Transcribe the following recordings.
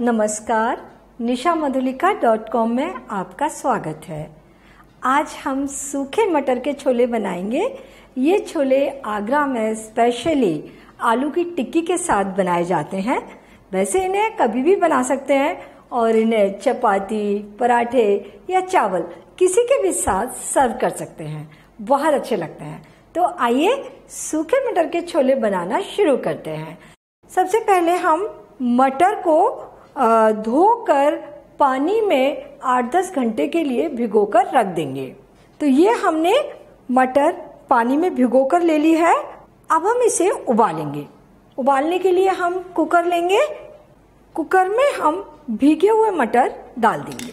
नमस्कार Nisha Madhulika dot com में आपका स्वागत है आज हम सूखे मटर के छोले बनाएंगे ये छोले आगरा में स्पेशली आलू की टिक्की के साथ बनाए जाते हैं वैसे इन्हें कभी भी बना सकते हैं और इन्हें चपाती पराठे या चावल किसी के भी साथ सर्व कर सकते हैं बहुत अच्छे लगते हैं तो आइए सूखे मटर के छोले बनाना शुरू करते हैं सबसे पहले हम मटर को धोकर पानी में आठ दस घंटे के लिए भिगो कर रख देंगे तो ये हमने मटर पानी में भिगो कर ले ली है अब हम इसे उबालेंगे उबालने के लिए हम कुकर लेंगे कुकर में हम भीगे हुए मटर डाल देंगे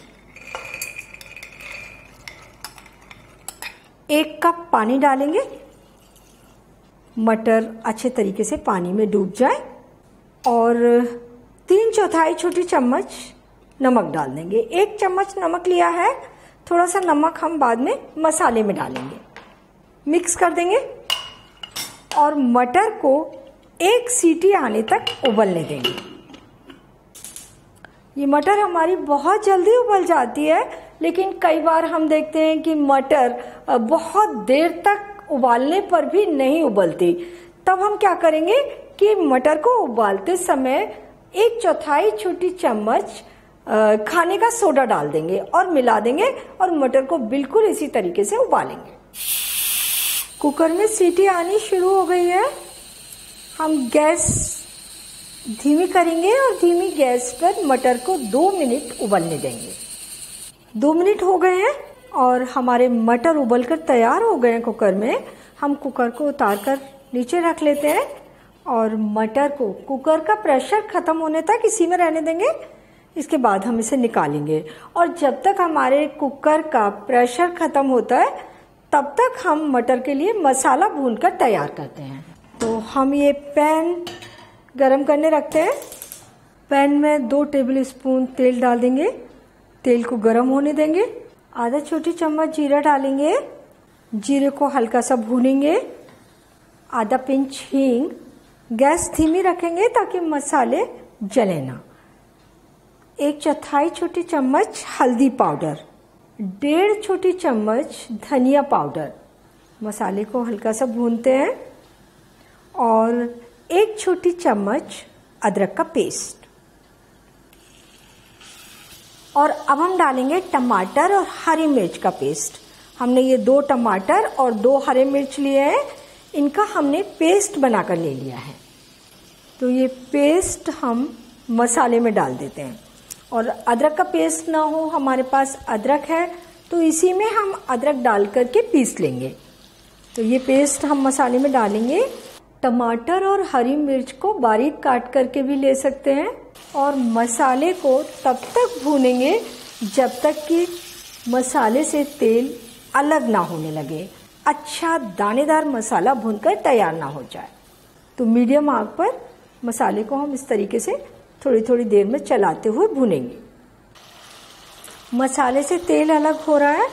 एक कप पानी डालेंगे मटर अच्छे तरीके से पानी में डूब जाए और तीन चौथाई छोटी चम्मच नमक डाल देंगे एक चम्मच नमक लिया है थोड़ा सा नमक हम बाद में मसाले में डालेंगे मिक्स कर देंगे और मटर को एक सीटी आने तक उबलने देंगे ये मटर हमारी बहुत जल्दी उबल जाती है लेकिन कई बार हम देखते हैं कि मटर बहुत देर तक उबालने पर भी नहीं उबलती तब हम क्या करेंगे कि मटर को उबालते समय एक चौथाई छोटी चम्मच खाने का सोडा डाल देंगे और मिला देंगे और मटर को बिल्कुल इसी तरीके से उबालेंगे कुकर में सीटी आनी शुरू हो गई है हम गैस धीमी करेंगे और धीमी गैस पर मटर को दो मिनट उबलने देंगे दो मिनट हो गए हैं और हमारे मटर उबलकर तैयार हो गए हैं कुकर में हम कुकर को उतार कर नीचे रख लेते हैं और मटर को कुकर का प्रेशर ख़त्म होने तक इसी में रहने देंगे इसके बाद हम इसे निकालेंगे और जब तक हमारे कुकर का प्रेशर ख़त्म होता है तब तक हम मटर के लिए मसाला भून कर तैयार करते हैं तो हम ये पैन गरम करने रखते हैं पैन में दो टेबल स्पून तेल डाल देंगे तेल को गर्म होने देंगे आधा छोटी चम्मच जीरा डालेंगे जीरे को हल्का सा भूनेंगे आधा पिंच हींग गैस धीमी रखेंगे ताकि मसाले जले ना एक चौथाई छोटी चम्मच हल्दी पाउडर डेढ़ छोटी चम्मच धनिया पाउडर मसाले को हल्का सा भूनते हैं और एक छोटी चम्मच अदरक का पेस्ट और अब हम डालेंगे टमाटर और हरी मिर्च का पेस्ट हमने ये दो टमाटर और दो हरे मिर्च लिए हैं इनका हमने पेस्ट बनाकर ले लिया है तो ये पेस्ट हम मसाले में डाल देते हैं और अदरक का पेस्ट ना हो हमारे पास अदरक है तो इसी में हम अदरक डाल करके पीस लेंगे तो ये पेस्ट हम मसाले में डालेंगे टमाटर और हरी मिर्च को बारीक काट करके भी ले सकते हैं और मसाले को तब तक भूनेंगे जब तक कि मसाले से तेल अलग ना होने लगे अच्छा दानेदार मसाला भूनकर तैयार ना हो जाए तो मीडियम आग पर मसाले को हम इस तरीके से थोड़ी थोड़ी देर में चलाते हुए भूनेंगे मसाले से तेल अलग हो रहा है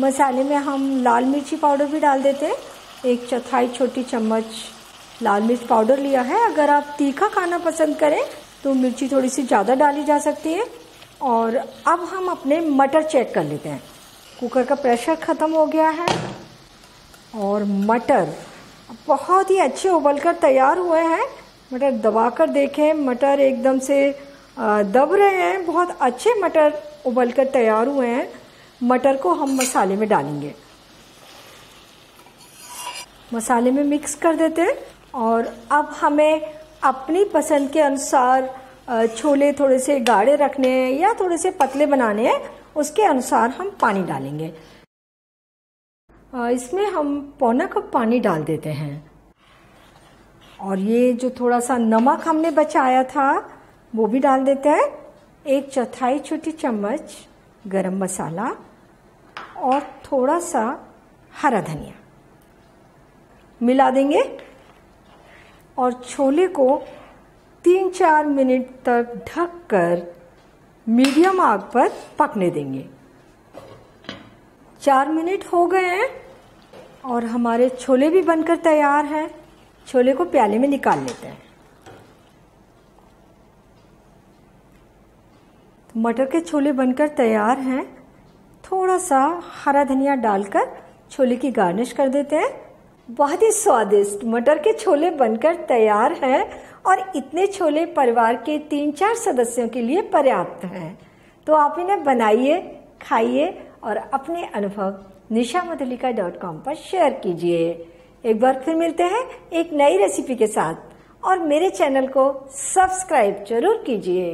मसाले में हम लाल मिर्ची पाउडर भी डाल देते हैं एक चौथाई छोटी चम्मच लाल मिर्च पाउडर लिया है अगर आप तीखा खाना पसंद करें तो मिर्ची थोड़ी सी ज़्यादा डाली जा सकती है और अब हम अपने मटर चेक कर लेते हैं कुकर का प्रेशर ख़त्म हो गया है और मटर बहुत ही अच्छे उबलकर तैयार हुए हैं मटर दबाकर देखें मटर एकदम से दब रहे हैं बहुत अच्छे मटर उबलकर तैयार हुए हैं मटर को हम मसाले में डालेंगे मसाले में मिक्स कर देते हैं और अब हमें अपनी पसंद के अनुसार छोले थोड़े से गाढ़े रखने हैं या थोड़े से पतले बनाने हैं उसके अनुसार हम पानी डालेंगे इसमें हम पौना कप पानी डाल देते हैं और ये जो थोड़ा सा नमक हमने बचाया था वो भी डाल देते हैं एक चौथाई छोटी चम्मच गरम मसाला और थोड़ा सा हरा धनिया मिला देंगे और छोले को तीन चार मिनट तक ढककर मीडियम आग पर पकने देंगे चार मिनट हो गए हैं और हमारे छोले भी बनकर तैयार हैं छोले को प्याले में निकाल लेते हैं तो मटर के छोले बनकर तैयार हैं थोड़ा सा हरा धनिया डालकर छोले की गार्निश कर देते हैं बहुत ही स्वादिष्ट मटर के छोले बनकर तैयार हैं और इतने छोले परिवार के तीन चार सदस्यों के लिए पर्याप्त हैं तो आप इन्हें बनाइए खाइए और अपने अनुभव निशा मधुलिका डॉट कॉम पर शेयर कीजिए एक बार फिर मिलते हैं एक नई रेसिपी के साथ और मेरे चैनल को सब्सक्राइब जरूर कीजिए